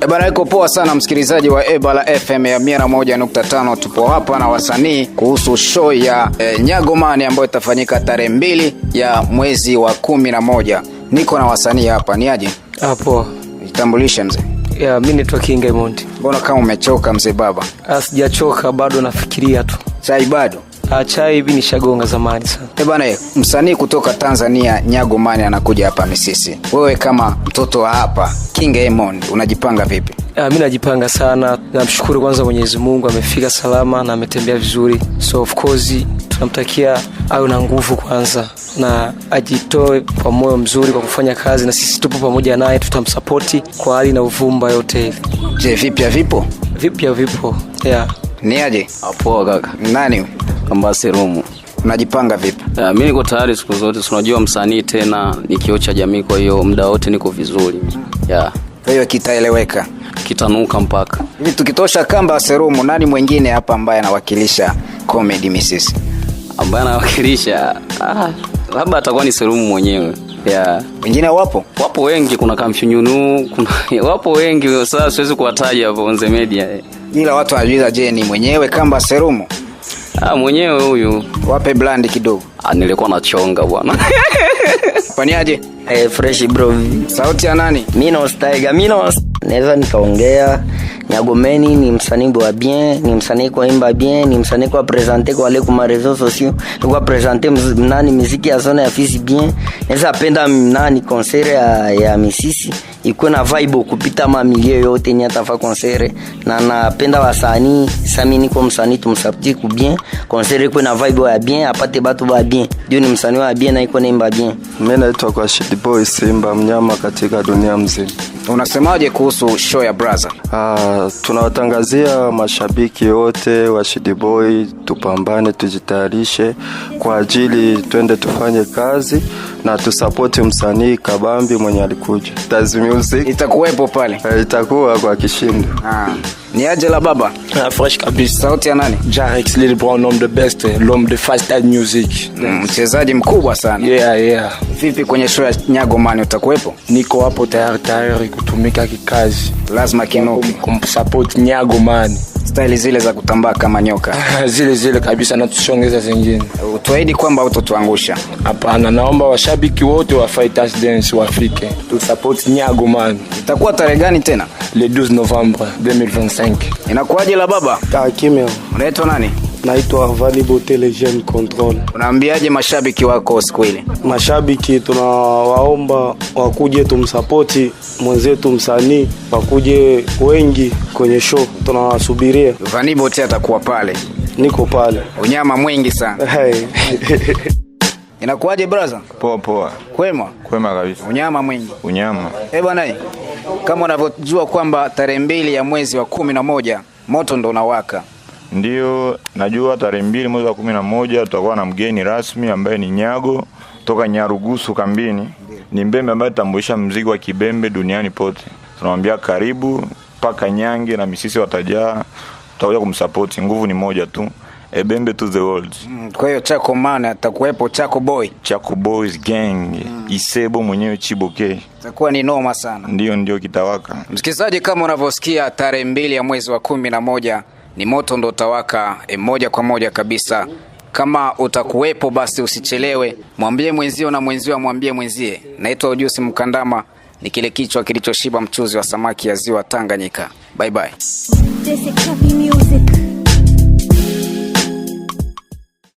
Ebala eh, iko poa sana msikilizaji wa Ebala FM ya 101.5. Tupo hapa na wasanii kuhusu show ya e, Nyagomani ambayo itafanyika tarehe mbili ya mwezi wa kumi na moja. Niko na wasanii hapa, ni aje? Hapo. Ah, Jitambulishe mzee. Yeah, mimi naitwa King Diamond. Mbona kama umechoka mzee baba? Ah, sijachoka, bado nafikiria tu. Sai bado. Ah, chai hivi nishagonga zamani sana. Eh bwana, msanii kutoka Tanzania Nyago Mani anakuja hapa Misisi. Wewe kama mtoto wa hapa King Diamond unajipanga vipi? Ah, mimi najipanga sana. Namshukuru kwanza Mwenyezi Mungu amefika salama na ametembea vizuri. So of course tunamtakia awe na nguvu kwanza na ajitoe kwa moyo mzuri kwa kufanya kazi, na sisi tupo pamoja naye, tutamsapoti kwa hali na uvumba yote hivi. Je, vipya vipo? Vipya vipo. Yeah. Ni aje? Apoa kaka. Nani? Rumu. Unajipanga vipi? Yeah, mi niko tayari siku zote, unajua msanii tena ni cha jamii, kwa hiyo muda wote niko vizuri yeah. Kwa hiyo kitaeleweka, kitanuka mpaka hivi. Tukitosha Kambaserumu, nani mwingine hapa ambaye anawakilisha comedy misisi, ambaye anawakilisha ah, labda atakuwa ni Serumu mwenyewe yeah. Wengine wapo wapo wengi, kuna Kamshunyunu, kuna wapo wengi, sasa siwezi kuwataja hapo Onze Media, ila watu wanajiuliza, je, ni mwenyewe Kamba Serumu? Ah, mwenyewe huyu. Wape bland kidogo. Ah, nilikuwa nachonga bwana. Fanyaje? Eh, fresh bro. Sauti ya nani? Minos Tiger. Minos. Naweza nikaongea. Nyagomeni ni msanii wa bien, ni msanii kwa imba bien, ni msanii kwa presente kwa leku ma réseaux sociaux, kwa presente nani muziki ya zone ya fisi bien. Naweza penda nani concert ya, ya misisi ikuwe na vibe kupita mamilie yote ni atafa konsere, na napenda wasanii sami, niko msanii tumsapti ku bien konsere, ikuwe na vibe ya bien, apate batu ba bien, ndio ni msanii wa bien na iko naimba bien. Mimi naitwa kwa Shit Boy Simba mnyama katika dunia mzima. Unasemaje kuhusu show ya brother Ah, tunawatangazia mashabiki wote wa Shidi Boy, tupambane, tujitayarishe kwa ajili, twende tufanye kazi na tusapoti msanii Kabambi mwenye alikuja Itakuwepo pale e, itakuwa kwa kishindo. Ah. Ni aje la baba? Ah, fresh kabisa. Sauti ya nani? Jarex Lil Brown, nom de best, eh, lom de fast style music. Mm, mchezaji mm, mkubwa sana. Yeah, yeah. Vipi kwenye show ya Nyago mani utakuwepo? Niko hapo tayari tayari kutumika kikazi. Lazima kinoki. Kumsupport Nyago mani staili zile za kutambaa kama nyoka zile zile kabisa, na tusiongeza zingine. Utuahidi kwamba hutotuangusha? Hapana, naomba washabiki wote wa Fighters Dance wafike tu support Nyago man. Itakuwa tarehe gani tena? Le 12 Novembre 2025. Inakuwaje la baba? kimya. Unaitwa nani? Naitwa Vani Botele Gen Control. Unaambiaje mashabiki wako siku ile? Mashabiki tunawaomba wakuje tumsapoti mwenzetu msanii, wakuje wengi kwenye show, tunawasubiria. Vani Botele atakuwa pale, niko pale, unyama mwingi sana hey. Inakuwaje brother? Poa poa. Kwema? Kwema kabisa. Unyama mwingi. Unyama. Eh, bwana, eh, kama unavyojua kwamba tarehe mbili ya mwezi wa kumi na moja moto ndo unawaka Ndiyo, najua tarehe mbili mwezi wa kumi na moja tutakuwa na mgeni rasmi ambaye ni Nyago toka Nyarugusu kambini. Ni mbembe ambaye tutambulisha mziki wa kibembe duniani pote. Tunamwambia karibu mpaka Nyange na misisi watajaa, tutakuja kumsapoti. Nguvu ni moja tu, ebembe to the world. Mm, kwa hiyo Chako Mana atakuwepo, Chako Boy, Chako Boys Gang, mm. Isebo mwenyewe Chiboke itakuwa ni noma sana. Ndio, ndio kitawaka. Msikilizaji, kama unavyosikia tarehe mbili ya mwezi wa kumi na moja ni moto ndo utawaka e, moja kwa moja kabisa. Kama utakuwepo basi usichelewe, mwambie mwenzio na mwenzio amwambie mwenzie. Naitwa Ujusi Mkandama, ni kile kichwa kilichoshiba mchuzi wa samaki ya ziwa Tanganyika. Bye bye.